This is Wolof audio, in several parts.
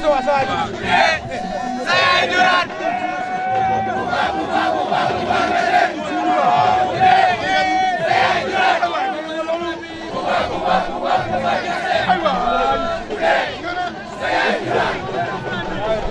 Sowa sa waay. sa yaay juraat. sa yaay juraat.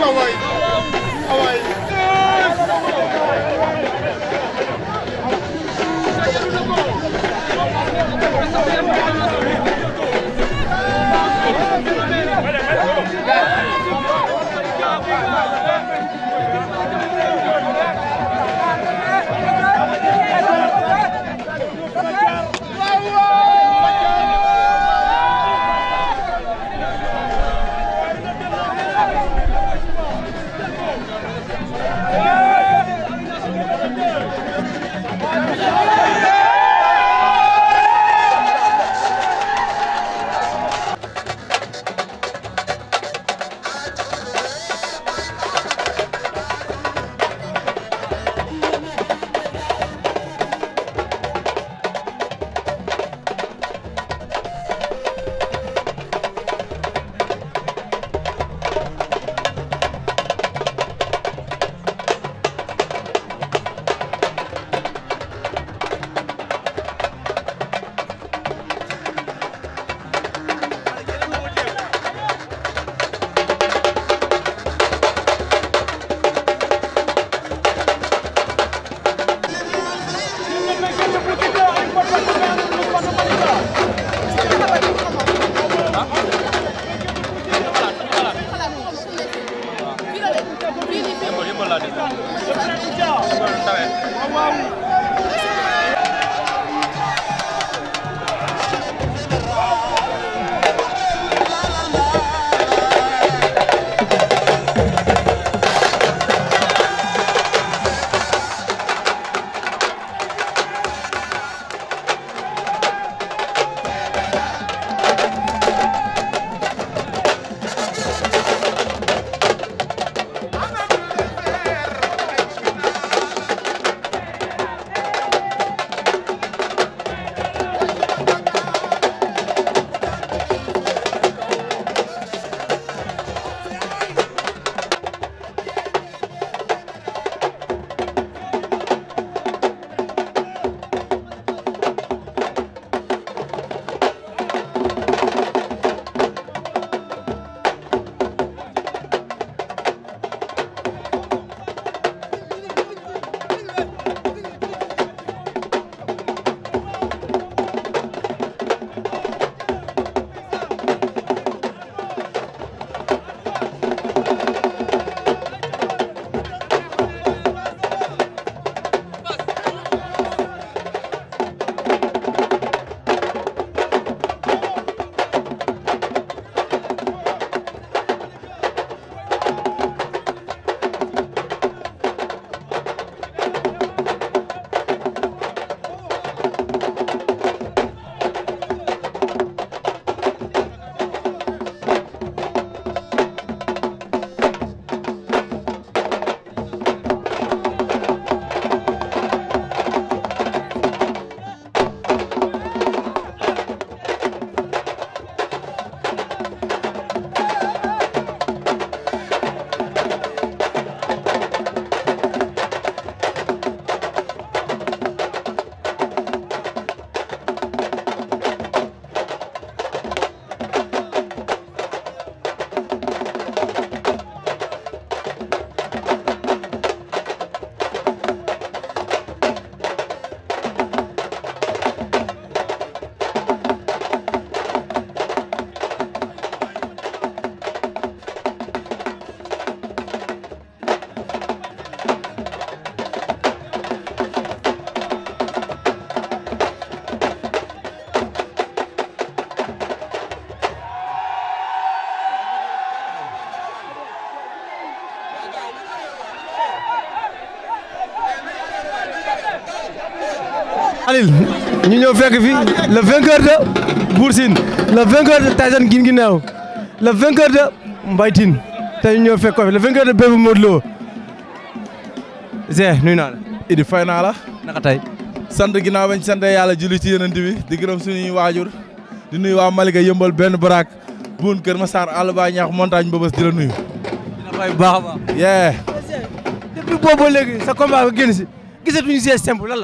Hawaii. Alil ñu ñëw fekk fi le vainqueur de Bour Sine le vainqueur de Tyson Guinguinéo le vainqueur de Mbaye Tine tey ñu ñëw fekk ko fi le vainqueur de Bébé Modou Lo Zé nuyu naa la. Idi fay sant ginnaaw bañ sant yàlla julli ci yeneen di gërëm suñuy waajur di nuyu waa Malika yëmbal benn baraak buun Kër Massar àll ba ñaax montagne ba bés nuyu. dina fay baax a léegi sa combat nga génn si gisatuñu Zé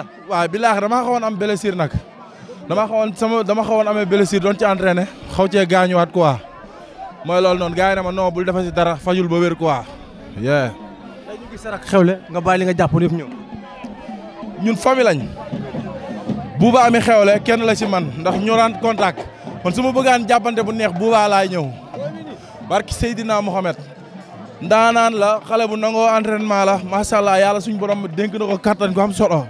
la. waaw bilaahi damaa xawoon am blessure nag dama xawoon sama dama xawoon amee blessure doon ci entraîné xaw cee gaañuwaat quoi mooy loolu noonu gars yi ne ma noo bul defasi dara fajul ba wér quoi. yee. tey ñu sa rak nga bàyyi li nga jàppoon yëpp ñëw. ñun famille lañ. buuba amee xewle kenn la si man ndax ñu rend contact man su ma bëggaan jàppante bu neex buuba laay ñëw. barki Seydina Mohamed. ndaanaan la xale bu nangoo entraînement la macha allah yàlla suñu borom dénk na ko kattan gu am solo.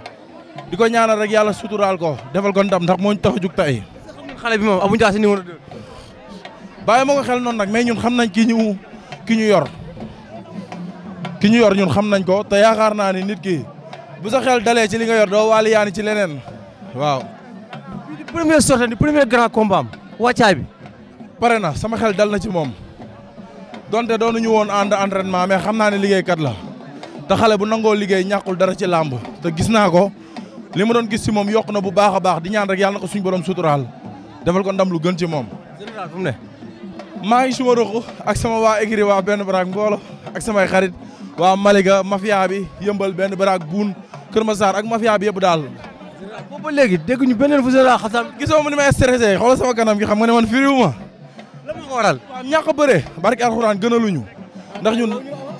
di ko ñaanal rek yàlla suturaal ko defal ko ndam ndax mooñ ñu tax a jug tey. xale bi moom Abou Ndiassé numéro 2. bàyyi ma ko xel noonu nag mais ñun xam nañ ki ñu ki ñu yor ki ñu yor ñun xam nañ ko te yaakaar naa ni nit ki bu sa xel dalee ci li nga yor doo waali yaani ci leneen waaw. bii di première sortie ni premier grand combat am wàccaay bi. pare na sama xel dal na ci moom donte doonuñu woon ànd entraînement mais xam naa ne liggéeykat la te xale bu nangoo liggéey ñàkkul dara ci làmb te gis naa ko. lii ma doon gis ci moom yokk na bu baax baax di ñaan rek yàlla na ko suñu borom suturaal defal ko ndam lu gën ci moom. général fu mu ne. maa suma roxu ak sama waa écurie waa benn baraag mboolo ak samay xarit waa ma mafia bi yëmbal benn baraag buun Kër Masar ak mafia bi yëpp daal. boobu ba léegi dégg ñu beneen fu général xasaam gisoo ma ni may stressé xoolal sama kanam gi xam nga ne man firiwu ma. ñàkk a bëree barki alxuraan gënaluñu ndax ñun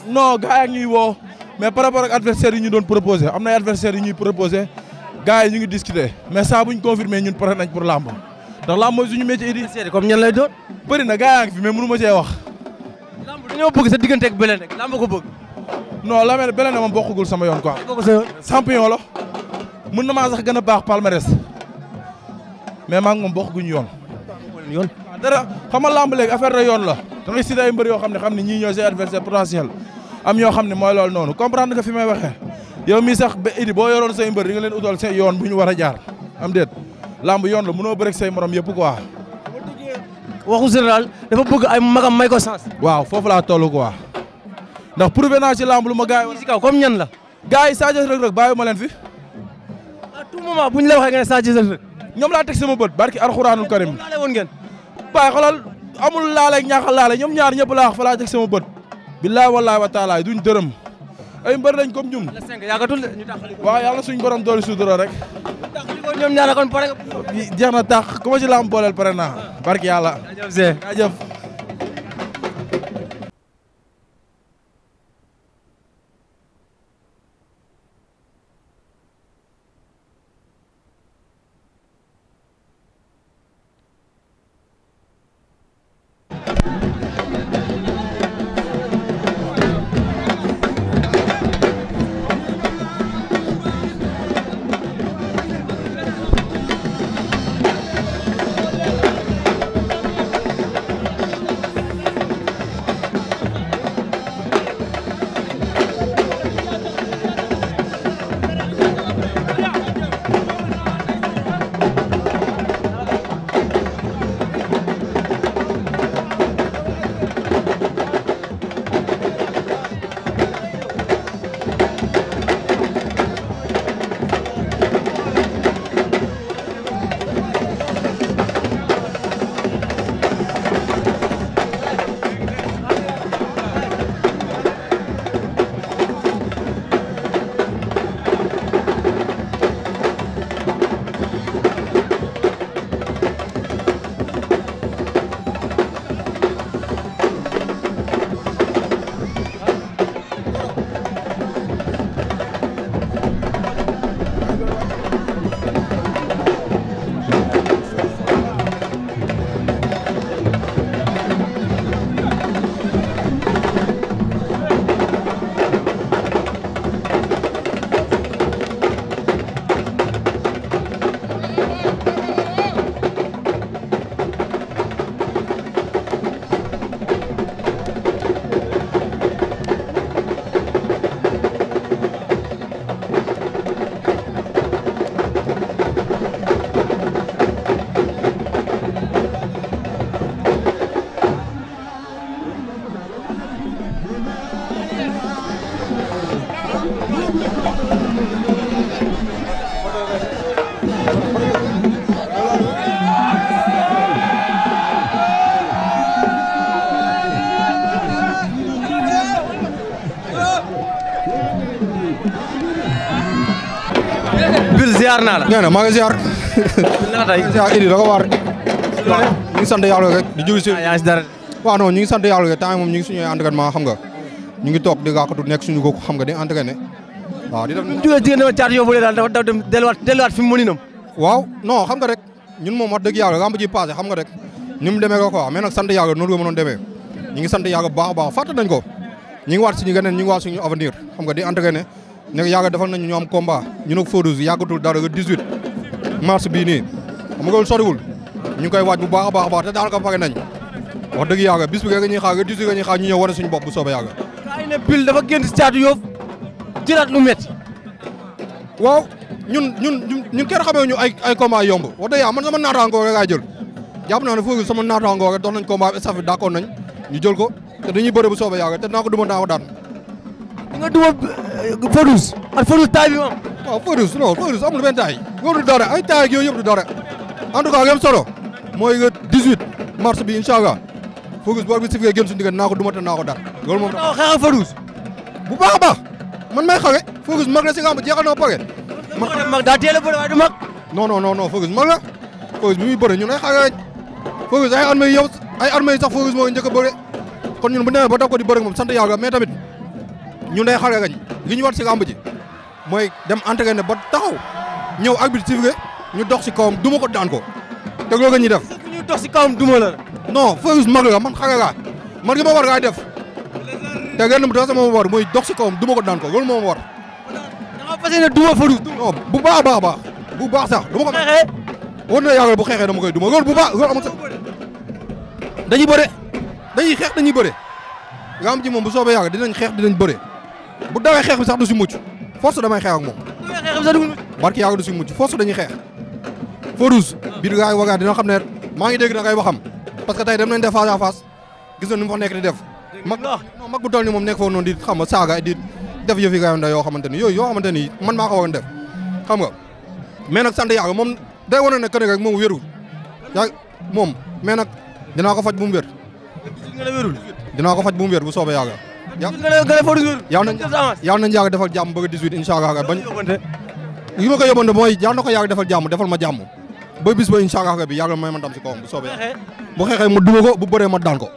non gars ñuy woo mais par rapport yi ñu doon proposé am na ay yi ñuy proposé gars yi ñu ngi discuter mais saa bu ñu ñun pare nañ pour làmb ndax làmb mooy suñu métier di. comme ñan lay doon. bëri na gars yaa ngi fi mais mënu ma cee wax. làmb dañoo bëgg sa diggante ak rek làmb ko bëgg. noo la mel Belende moom bokkagul sama yoon quoi. champion la mën na maa sax gën a baax palmarès mais maa ngi moom bokkaguñ yoon. yoon ah, dara xam nga làmb léegi affaire la yoon la. dangay cité ay yoo xam ne xam ne ñii ñoo say adversaire am ñoo xam ne mooy loolu noonu comprendre nga fi may waxee yow mi sax ba idi boo yoroon say mbër di nga leen utal say yoon bu ñu a jaar am déet lamb yoon la mënoo bëreeg say morom yëpp quoi. waxu général dafa bëgg ay magam may ko sens. waaw foofu laa ko quoi ndax prouvé naa ci lamb lu ma gars yi. ci kaw comme ñan la. gars yi Sa Thiès Reug Reug bàyyi fi. à bu ñu la waxee nga ne Sa Thiès Reug Reug. ñoom laa teg sama bët barki alxuraanul karim. laale woon ngeen. waaye xoolal amul laale ak ñaaxal laale ñoom ñaar ñëpp laa wax fa laa teg sama bët. billaay wallaay wa taalaay duñ dërëm. ay mbër lañ comme ñun. waaw yàlla suñu borom doole sutura rek. jeex na tax ku ma ci laam booleel pare naa. barke yàlla. jaajëf ziar naa la. nee na maa ngi ziar. naa tey ziar Idi da ko waar. waaw ñu ngi sant yàlla rek di jëli si. waaw yaa ngi si dara. ga non ñu ngi sant yàlla rek temps yii moom ñu ngi suñu entraînement xam nga ñu ngi toog di gàkkatu nekk suñu gox xam nga di entraîné waaw di def. ñu jógee jigéen dama caat yoo bële daal dafa daw dem delluwaat delluwaat fi mu mëninam. waaw non xam nga rek ñun moom wax dëgg yàlla lamb ji passé xam nga rek ni mu demee ko quoi mais nag sant yàlla noonu la mënoon demee ñu ngi sant yàlla bu baax a baax fàtte nañ ko ñu ngi waat suñu geneen ñu ngi ne ko yàgg defal nañu ñu am combat ñu nag dara le 18 mars bii nii xam nga loolu soriwul ñu ngi koy waaj bu baax a baax a baax te daanaka nañ wax dëgg yàgg bis bi rek ñuy xaar le 18 rek ñuy xaar ñu ñëw wane suñu bopp bu soobee yàgg. dafa génn stade Yoff jëlaat lu métti. waaw ñun ñun ñun kenn xamee ñu ay ay combat yomb wax dëgg yàlla man sama naataangoo rek laay jël jàpp naa ne Fodou sama naataangoo rek dox nañ combat bi staff bi d'accord nañ ñu jël ko te dañuy bëre bu soobee yàgg te naa ko duma naa ko daan duma Fodous a Fodous taay bi moom. waaw Fodous non Fodous amul benn taay. wóorul dara ay taay ak yooyu yëpp du dara en tout cas li am solo mooy nga 18 mars bi incha allah Fodous boo ko sifee génn suñu diggante naa ko dumata naa ko dar loolu moom. waaw xeexal Fodous. bu baax a man may xawee Fodous mag si nga xam jeexal na ma pare. mag daa teel a bëri du mag. non non non non Fodous mag la ñun ay xale lañ ay armée yow ay armée yi sax moo njëkk a bëri kon ñun bu ñu ba dab ko di bëri moom sant ñu day xarga gañ li ñu war si làmb ji mooy dem entraîné ba taxaw ñëw arbitre sifflé ñu dox si kawam duma ko daan ko te loolu ñuy def. ñu dox si kawam duma la. non Farouz mag la man xarga laa man li war laay def te lenn dafa sama war mooy dox si kawam duma ko daan ko loolu moo ma war. dama fas bu baax a bu baax sax. dama ko xeexee. war na yàlla bu xeexee dama koy duma loolu bu baax loolu amul sax dañuy bëre dañuy xeex dañuy bëre làmb ji moom bu soobee yàlla dinañ xeex dinañ bëre bu dawee xeex bi sax du si mucc force damay xeex ak moom. barki yàlla du si mucc force dañuy xeex. Farouz biir gars yi wagaa dina xam ne maa ngi dégg na ngay waxam parce que tey dem def face à face gis nekk di def. mag non mag bu toll moom nekk foofu di xam nga saaga di def yi yoo xamante ni yooyu yoo xamante ni man maa ko waroon def xam nga mais nag sant yàlla moom day wane ne que ne rek moom wérul yaa moom mais nag dinaa ko faj bu mu wér. dinaa ko faj bu mu wér bu soobee yàlla yow yal nañu yàgg defal jàmm bëgg 18 incha allah bañ li ma ko yóbbante mooy yal na ko yàgg defal jàmm defal ma jàmm ba bis ba incha allah bi yàlla may ma ndam si kawam bu soobee bu xeexee ma duma ko bu bëree ma daan ko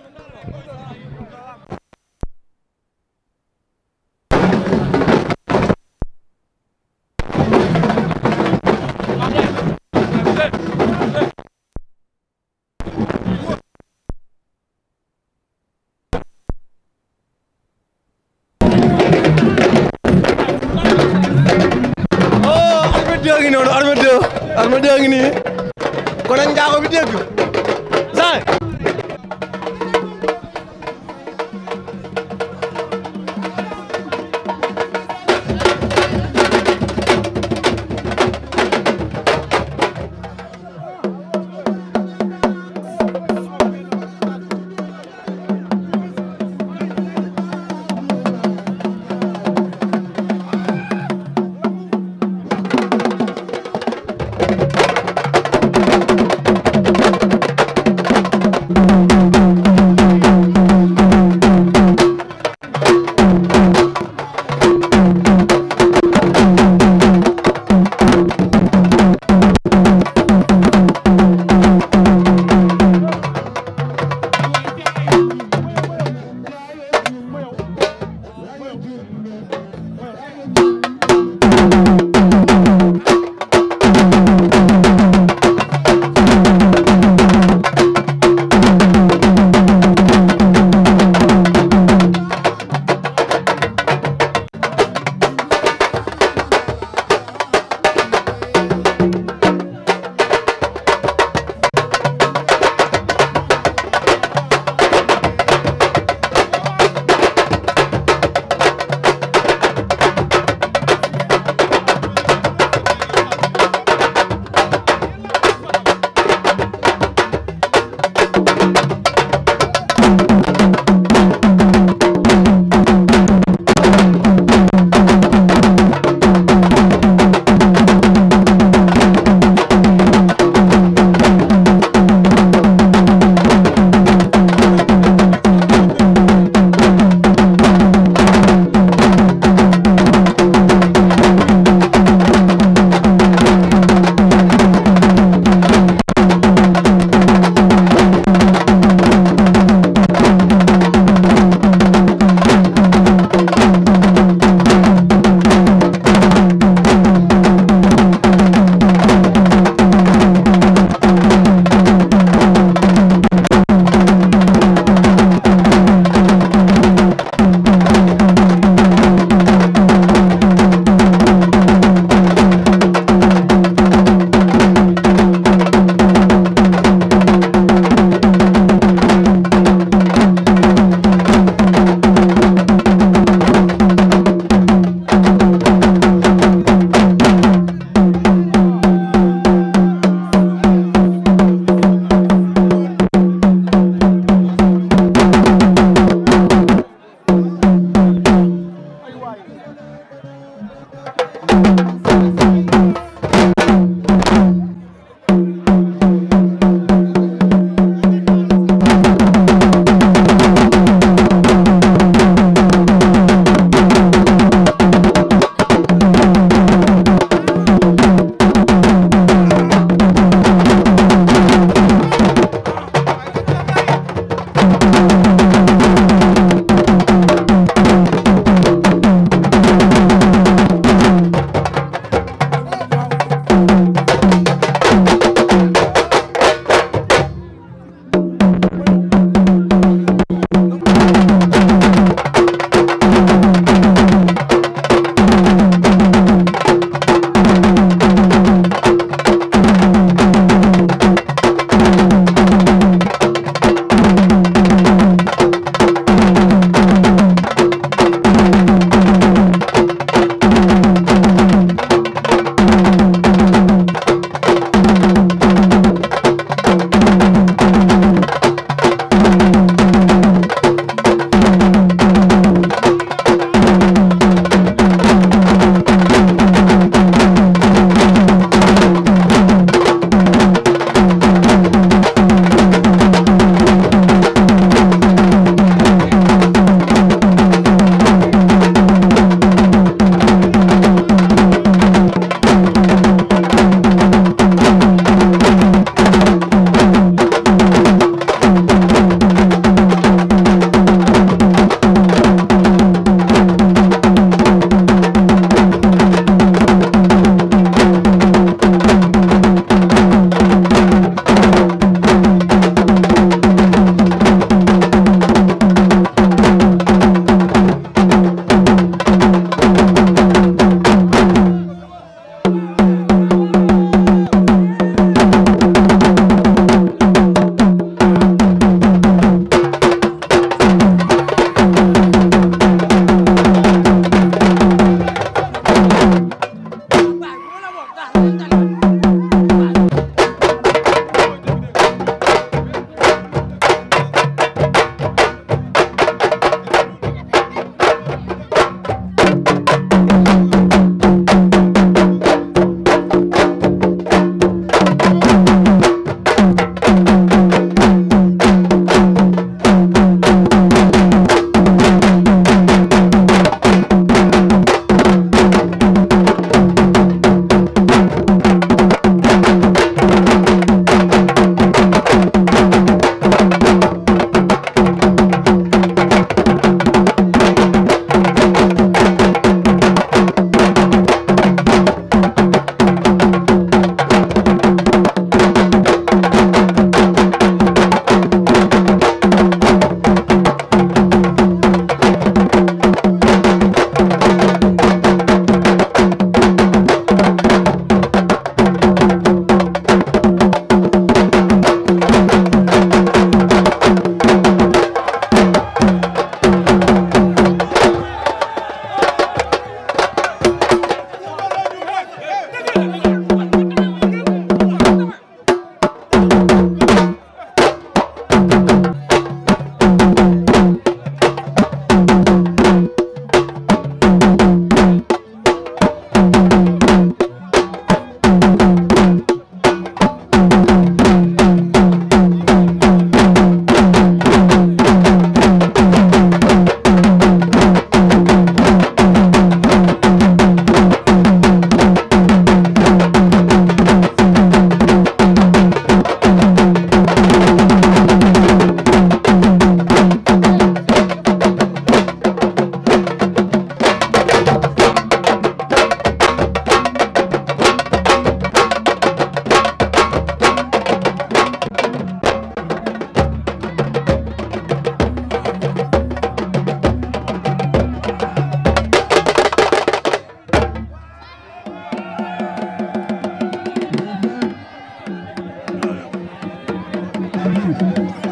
Thank you.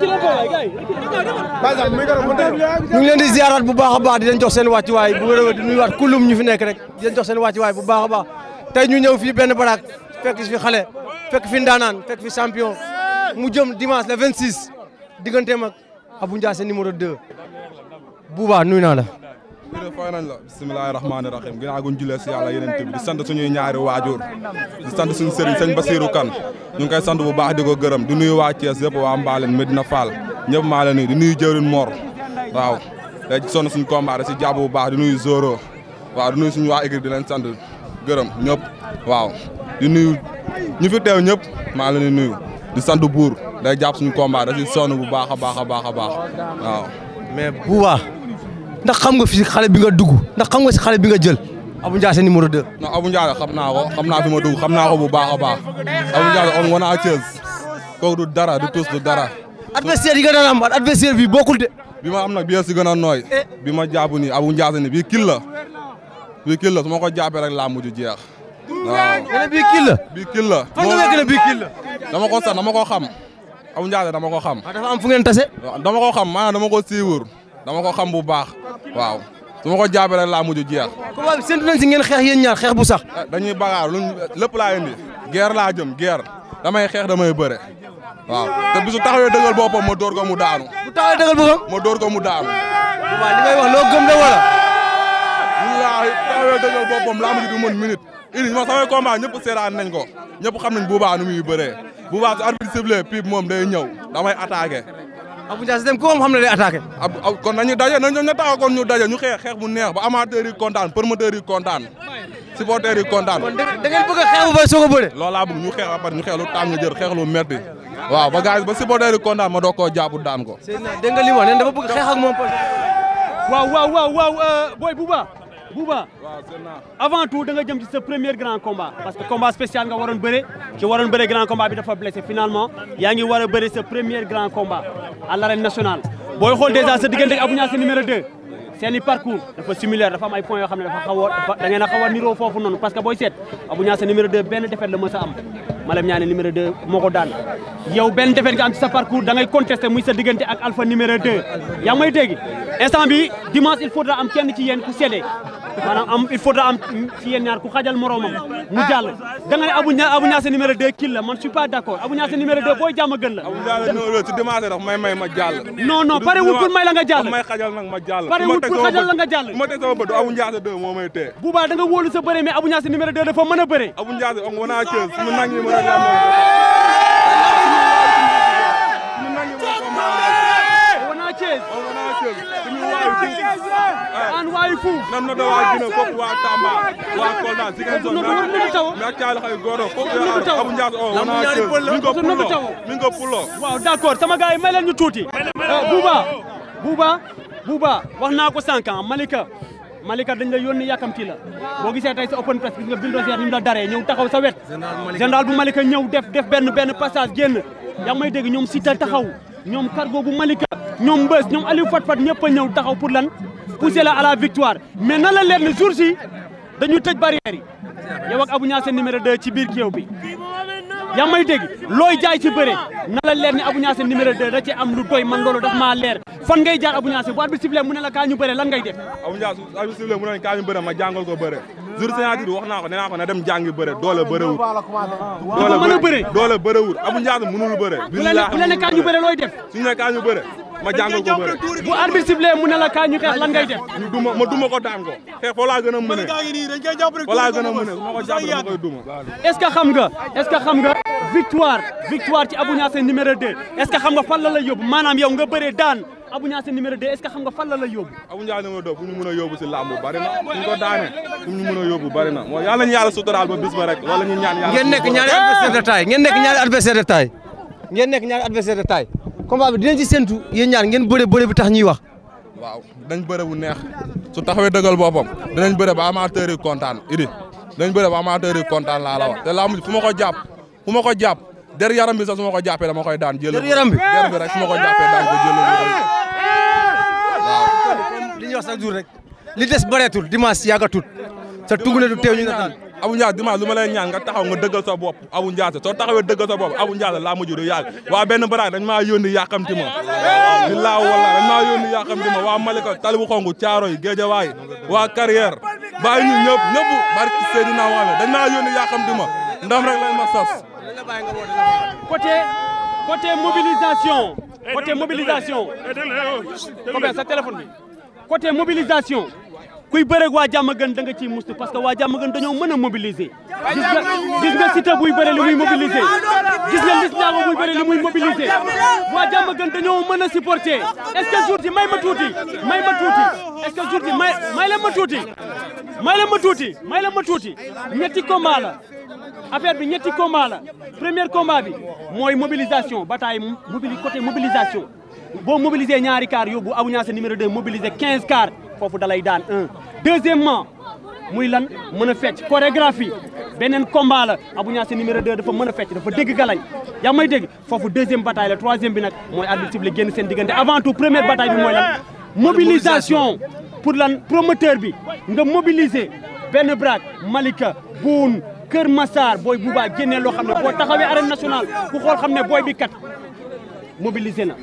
ñu ngi leen di ziarat bu baax a baax di leen jox seen waay bu wér di nuyuwaat kulum ñu fi nekk rek di leen jox seen wàccuwaay bu baax a baax tey ñu ñëw fii benn baraak fekk fi xale fekk fi ndaanaan fekk fi champion mu jëm dimanche le 26 digganteem ak Abou Ndiassé numéro de Bouba nuyu naa la jërëjëf fay nañ la bisimilahi rahmaani rahim ginnaaw guñ jullee si yàlla yeneen bi di sant suñuy ñaari waajur di sant suñu sëriñ sëñ Basiirou Kane ñu ngi koy sant bu baax di ko gërëm di nuyu waa Thiès yëpp waa Mbaalen Medina Fall ñëpp maa leen di nuyu jëwrin Mor waaw léegi sonn suñu combat da si jàpp bu baax di nuyu Zoro waaw di nuyu suñu waa équipe di leen sant gërëm ñëpp waaw di nuyu ñu fi teew ñëpp maa leen di nuyu di sant buur day jàpp suñu combat da si sonn bu baax a baax a baax a baax waaw mais bu ndax xam nga fi xale bi nga dugg ndax xam nga si xale bi nga jël Abou Ndiassé numéro 2. non Abou Ndiassé xam naa ko xam naa fi ma dugg xam naa ko bu baax a baax Abou Ndiassé on wana a du dara du tus du dara. adversaire yi nga daan am adversaire bi bokkul de. bi ma am nag bi si gën a nooy eh. bi ma jàpp ni Abou Ndiassé ni bii kil la bii kil la su ma ko jàppee rek laa mujj jeex waaw. nga ne bii kil la. bii kil la. fan nga xam Abou Ndiassé dama ko xam. waaw ah, dafa am fu ngeen tase. xam maanaam dama ko siiwur dama ko xam bu baax waaw su ma ko jaabee laa mujj jeex. combat bi séntu nañ si ngeen xeex yéen ñaar xeex bu sax. Eh, dañuy bagaar luñ lépp laa indi. guerre laa jëm guerre damay xeex damay bëre waaw te bisu taxawee dëggal boppam ma door ko mu daanu. bu taxawee dëggal boppam. door ko mu daanu. waaw li ngay gëm la wala. wallaahi taxawee dëggal boppam laa mujj du mën minute. indi ma samay combat ñëpp seeraan nañ ko ñëpp xam nañ bu baax nu muy bëree bu baax su arbitre sifflé pipe moom day ñëw damay attaqué. Abou Ndiassé dem ko am xam na day attaqué kon nañu daje nañu ñu taxaw kon ñu daje ñu xeex xeex bu neex ba amateur yi kontaan promoteur yi kontaan supporter yi kontaan da ngeen bëgg a xeex ba soo ko bëre loolu laa bëgg ñu xeex ba pare lu tàng jër xeex lu ba gars ba supporter yi kontaan ma doog koo jàpp daan ko dégg nga li ma ne dafa bëgg xeex ak moom waaw booy bu baax Bouba avant tout jëm ci sa grand combat parce que combat spécial nga waroon bëre ci waroon bëre grand combat bi dafa blessé finalement yaa ngi war a bëre sa premier grand combat à l'arène nationale booy xool déjà sa diggante ak Abou Niasse numéro seeni parcours dafa similaire dafa am ay points xam ne dafa xaw niroo foofu noonu parce que booy seet Abou Niasse numéro benn défaite la mës am Malam Niane numéro 2 moo ko daan benn défaite maanaam am il faut da am ci yéen ñaar ku xajal moromam mu jàll da nga ne Abou Niasse Abou Niasse kii la man je suis pas d' accord Abou Niasse numéro 2 booy jàmm gën la. Abou Niasse may may ma jàll. non non pare wul pour may la nga ma jàll. pare wul pour xajal la nga jàll. ma teg sama bët Abou Niasse 2 moo may tee. bu baax da nga wóolu sa bëre mais Abou Niasse numéro 2 dafa a bëre. Abou Niasse on wana keus mu an waay fu na no do waa Guinée fop waa Tamba waa Kolda Ziguinchor na caal xay goro fop abu njaas o wana ko min ko pulo waaw d'accord sama gaay may leen ñu tuuti eh, Bouba Bouba Bouba wax naa ko sànq ah, Malika Malika dañ la yónni yàkkamti la boo gisee tey sa open press bi nga bindoo seet ni mu la daree ñëw taxaw sa wet général bu Malika ñëw def def benn benn passage génn yaa ngi may dégg ñoom si ta taxaw ñoom cargo bu Malika ñoom Mbës ñoom Aliou Fatfat ñëpp a ñëw taxaw pour lan pousser la à la victoire mais na la leer ne jour si dañu tëj barrière yi yow ak Abou Niassène numéro 2 ci biir bi yaa may looy jaay ci bëre na la leer ne Abou Niassène numéro 2 da ci am lu doy man loolu daf maa leer fan ngay jaar Abou Niassène bu arbitre mu ne la kaa ñu bëre lan ngay def Abou Niassène arbitre sifflé mu ne kaa ñu bëre ma jàngal ko bëre jour signature wax naa ko nee naa ko na dem jàngi bëre doole bërewut doole mën a bëre doole bërewut amu njaatu mënul bëre bu la ne kaa ñu bëre looy def suñu ne kaa ñu bëre ma jàngal ko bëre bu arbitre sifflé mu ne la kaa ñu xeex lan ngay def ñu duma ma duma ko daan ko xeex foo laa gën a mëne foo laa gën a mëne su ma ko jàpp ma koy duma est-ce que xam nga est-ce que xam nga victoire victoire ci Abou Niassène numéro 2 est-ce que xam nga fan la lay yóbbu maanaam yow nga bëree daan Abou Niassé numéro 2 est-ce que xam nga la lay yóbbu Abou Niassé numéro 2 fu ñu mën a yóbbu si làmb bari fu ñu a yóbbu bari na mooy yàlla ñu yàlla suturaal ba bis ba rek wala ñu ñaan yàlla ngeen nekk ñaari adversaire de taille ngeen nekk ñaari adversaire de taille ngeen nekk ñaari adversaire de taille combat ngeen bëre bëre bi tax ñuy wax waaw dañ bu neex su taxawee dëggal boppam dinañ bëre ba amateur yi kontaan idi dinañ bëre ba amateur yi kontaan laa la wax te làmb fu ma ko jàpp fu ma ko jàpp der yaram bi sax su ma ko jàppee dama koy daan jël der yaram bi bi ma ko li ñuy wax chaque jour rek li des bëreetul dimanche yàggatul sa tungule du teew ñu nataan Abou Ndiassé dimanche lu ma lay ñaan nga taxaw nga dëggal sa bopp Abou Ndiassé soo taxawee dëggal sa bopp Abou Ndiassé laa mujj du yàgg waa benn baraag dañ maa yónni yàqamti ma di laa wala dañ maa yónni yàqamti ma waa Malika talibu xongu caaro yi géejawaay waa carrière bàyyi ñu ñëpp ñëpp barki Seydina Mohamed dañ maa yónni yàqamti ma ndam rek lañ ma sas côté côté côté mobilisation combien sa téléphone bi côté mobilisation kuy bëreeg waa jàmm gën da nga ciy mustu parce que waa jàmm gën dañoo mën a mobiliser gis nga gis nga Siteu buy bëre li muy mobiliser gis nga Liss Ndiago buy bëre li muy mobiliser waa gën dañoo mën a supporter est-ce que jour may ma tuuti may ma tuuti est-ce que jour ji may may leen ma tuuti may leen ma tuuti may leen ma tuuti ñetti combat affaire bi ñetti combat la premier combat bi mooy mobilisation bataille mobili côté mobilisation boo mobiliser ñaari car yóbbu Abou Niasse numéro 2 mobiliser kaar foofu dalay daan un deuxièmement muy lan mën a fecc chorégraphie beneen combat la Abou Niasse numéro dafa mën a fecc dafa dégg galañ yaa may dégg foofu deuxième bataille la troisième bi nag mooy arbitre cible génn seen diggante avant tout première bataille bi mooy lan mobilisation pour lan promoteur bi nga mobiliser benn braak Malika Kër Massar booy Bouba génnee loo xam ne boo taxawee arène nationale ku xool xam ne booy bi kat mobilisé na.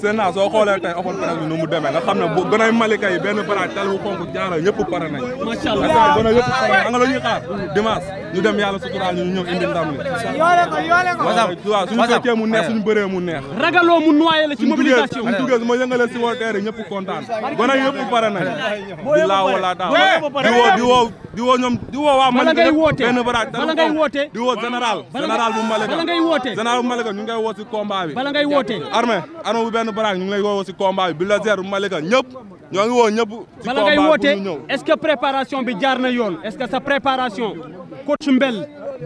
seen naa soo xoolee tey open presse bi nu mu demee nga xam na bu gën a Malika yi benn bras tel wu xonk jaara ñëpp pare nañ. macha allah gën a yëpp pare nga la ñuy xaar dimanche. ñu dem yàlla suturaal ñu ñëw indi ndam li. yoole ko yoole ko mu neex suñu bëree mu neex. ragaloo mu noyé la ci mobilisation. suñu duggee ma yëngale si wooteer yi ñëpp kontaan. gone yëpp pare nañ di laa wala woo di woo di woo ñoom woo waa Malika yëpp benn baraaj bala ngay wootee di woo général bu Malika bala ngay wootee woo si combat bi. bala ngay wootee armée armée bu benn baraaj ñu ngi lay woo si combat bi bulldozer bu Malika ñëpp ñoo ngi woo ñëpp. ci bala ngay woote est-ce que préparation bi jaar na yoon est-ce que sa préparation coach Mbel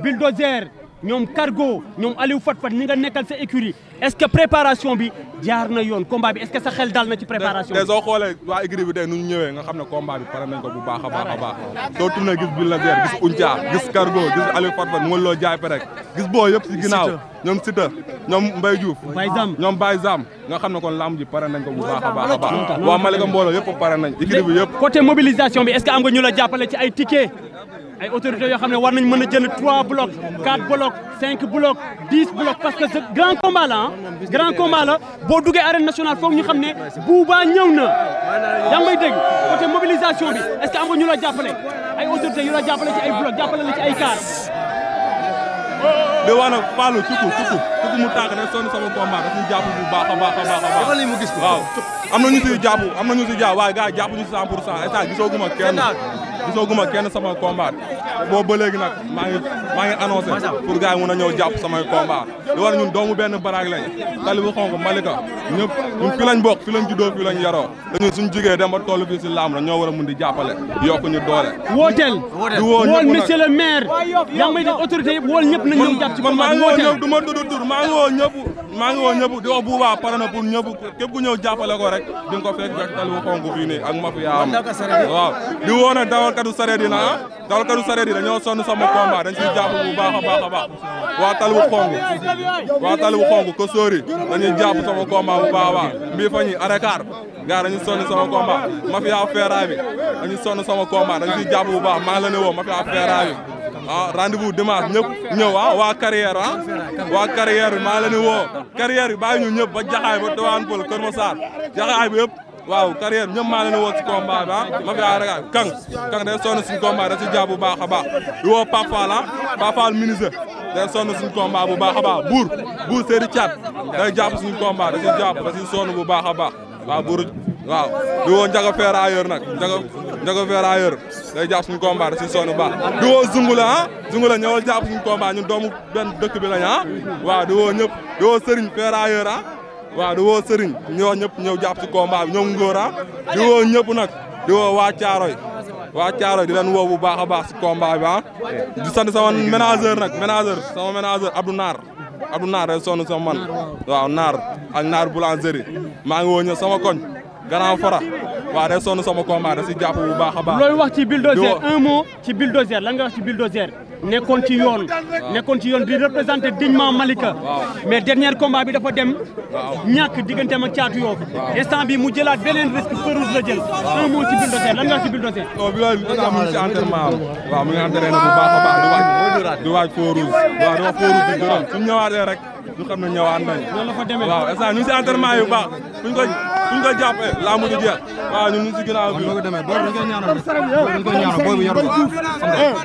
bulldozer ñoom cargo ñoom Aliou Fat Fat ñi nga nekkal sa écurie est-ce préparation bi jaar na yoon combat bi est sa xel dal na ci préparation bi. te soo xoolee waa écurie bi tey nu ñëwee nga xam ne combat pare nañ ko bu baax a baax a baax soo tourné gis Bulldozer gis Ounthia gis cargo gis Aliou Fat Fat mu ngi loo jaay perek gis boo yëpp si ginnaaw ñoom Siteu ñoom Mbaye Diouf ñoom Baye Zam nga xam ne kon lamb ji pare nañ a baax a waa Malika mbooloo yëpp pare nañ écurie bi yëpp côté bi est am nga la jàppale ay autorités yoo xam ne war nañ mën a jënd 3 blocs 4 blocs 5 blocs 10 blocs parce que ce grand combat la grand combat la boo duggee arène nationale foog ñu xam ne Bouba ñëw na yaa ngi may dégg côté mobilisation bi est ce que am nga ñu la jàppale ay autorités yu la jàppale ci ay blocs jàppale la ci ay car. mais waana Fallou tukku tukku tukku mu tànk rek sonn sama combat daf ñu jàpp bu baax a baax a baax a baax. lii mu gis ko waaw am na ñu siy jàpp am na ñu siy jàpp waaye gisaguma kenn sama combat boo ba léegi nag maa ngi maa ngi annoncé pour gars yi mun a ñëw ñun doomu benn baraag lañ tali bu Malika ñëpp ñun fi lañ bokk fi lañ juddoo fi lañ yaroo dañu dem ba toll fii si laam na ñoo war a mun di jàppale yokk ñu doole wool monsieur le maire yaa ci combat maa woo ñëpp du tur maa ngi woo ñëpp di wax buubaa pare na pour ñëpp képp ku ñëw jàppale ko rek di nga ko fekk fekk tali bu xonk fii nii ak mafia am waaw di dawalkatu sareet yi na ah dawalkatu sareet yi dañoo sonn sama combat dañ siy jàpp bu baax a baax a baax waa talibu xonk waa talibu xonk ko sóori dañuy jàpp sama combat bu baax a baax mbii fa ñi arekaar gaa dañu sonn sama combat mafia feeraay bi dañu sonn sama combat bu baax maa ngi leen di woo mafia feeraay bi ah rendez-vous dimanche ñëpp ñëw ah. waa carrière ah. waa carrière bi maa ngi leen di woo carrière bi ñu ñëpp ba jaxaay ba Tivaouane Peulh Kër Massar jaxaay bi waaw carrière ñëpp maa leen woo ci combat ba ah. ma fi rek kang kang day sonn suñu combat da ci jàpp bu baax a baax di woo Pape Fall ah Pape Fall ministre day sonn suñu bu baax a baax buur buur Seydou Thiat day jàpp suñu combat da ci jàpp da si sonn bu baax a baa waaw buur waaw di woo Ndiaga Ferrailleur nag Ndiaga Ndiaga Ferrailleur day jàpp suñu combat da ci sonn bu baax di woo Zungula ah Zungula ñëwal jàpp suñu combat ñun doomu benn dëkk bi lañ ah waaw di woo ñëpp di woo Serigne waaw di woo Serigne ñu wax ñëpp ñëw jàpp ci combat bi ñoom Ngora di woo ñëpp nag di woo waa Caaroy waa Caaroy di leen woo bu baax a baax ci combat bi ah. di sant sama ménageur nag ménageur sama ménageur Abdou Naar Abdou Naar rek sonn sama man waaw Naar ak Naar boulangerie maa ngi woo ñëw sama koñ Grand Fara waaw rek sonn sama combat da si jàpp bu baax a baax. loolu wax ci bulldozer un mot ci bulldozer lan nga wax ci bulldozer nekkoon ci yoon nekkoon ci yoon di représenté dignement Malika mais dernier combat bi dafa dem ñàkk digganteem ak caatu yoo instant bi mu jëlaat beneen risque Feurouz la jël un mois lan nga ci bulldozer non bi waay danaa mu ngi ci entraînement waaw mu ngi entraîné bu baax a baax di waaj di waaj Feurouz waaw di wax Feurouz bi gërëm su ñu ñëwaatee rek ñu xam ne ñëwaat nañ noonu la fa demee waaw instant ñu ngi si entraînement yu baax buñ ko suñ ko jàppee laamu di jeex waaw ñun ñu ngi bi. waaw loolu demee booy bi dañ koy ñaanal bi dañ koy ñaanal bi yor ko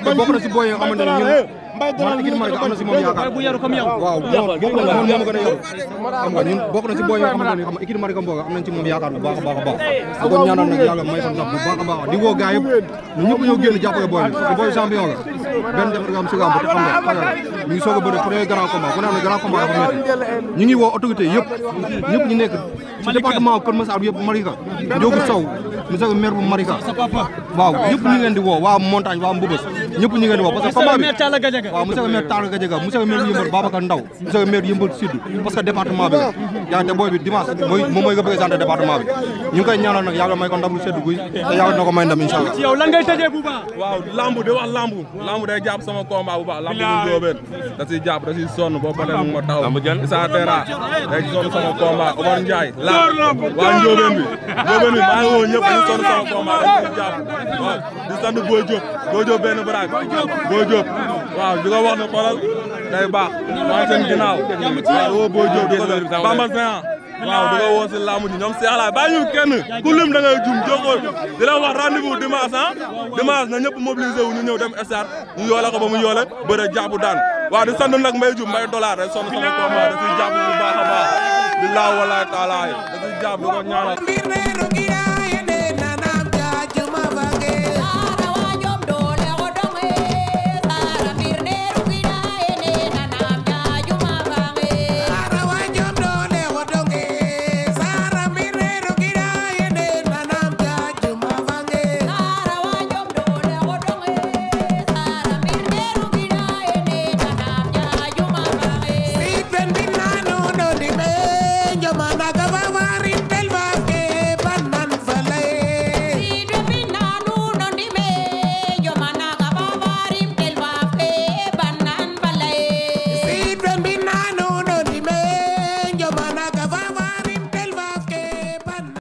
te bokk na si mbay doon équipe Malika am na si moom yaakaar waaw moom moo ma gën a yor xam nga ñun bokk na si booy yoo xamante ne xam nga équipe Malika Mboga am nañ ci moom yaakaar bu baax a baax a baax bu ko ñaanal nag yàlla may ko ndax bu baax a baax di woo gars yëpp ñu ñëpp ñoo génn jàppale booy bi booy champion la benn defar nga am suga ba te xam nga xagal ñu ngi soog a bëri premier grand combat ku ne am na grand combat dafa métti ñu ngi woo autorité yëpp ñëpp ñu nekk ci département Kër Massar yëpp Malika Ndiogu Sow monsieur le maire bu Malika waaw ñëpp ñu ngi leen di woo waa montagne waa Mbubës ñëpp ñu ngi leen di woo parce que combat bi waaw monsieur le maire Talla Gadiaga monsieur le maire Yeumbeul Sud parce que département bi yaa ngi te booy bi dimanche mooy moom mooy représenté département bi ñu ngi koy ñaanal may ko ndam sedd guy te yàlla ko may ndam incha allah ci yow lan bu baax waaw lamb di wax lamb lamb day jàpp sama bu baax lamb bu jóobeen da siy jàpp da siy sonn boo paree mu ma waa njóobeen bi njóobeen waaw di ko wax ne xoolal day baax maa ngi seen ginnaaw waaw woo si laamu ji ñoom Cheikh Laye bàyyi ñu kenn ku da ngay jum joxoo di la wax rendez-vous dimanche ah na ñëpp mobilisé wu ñu ñëw dem stade ñu yoole ko ba mu yoole bëre jàpp daan waaw di sant nag mbay jum mbay dollar rek sonn sama combat da ciy jàpp bu baax a baax ko ñaanal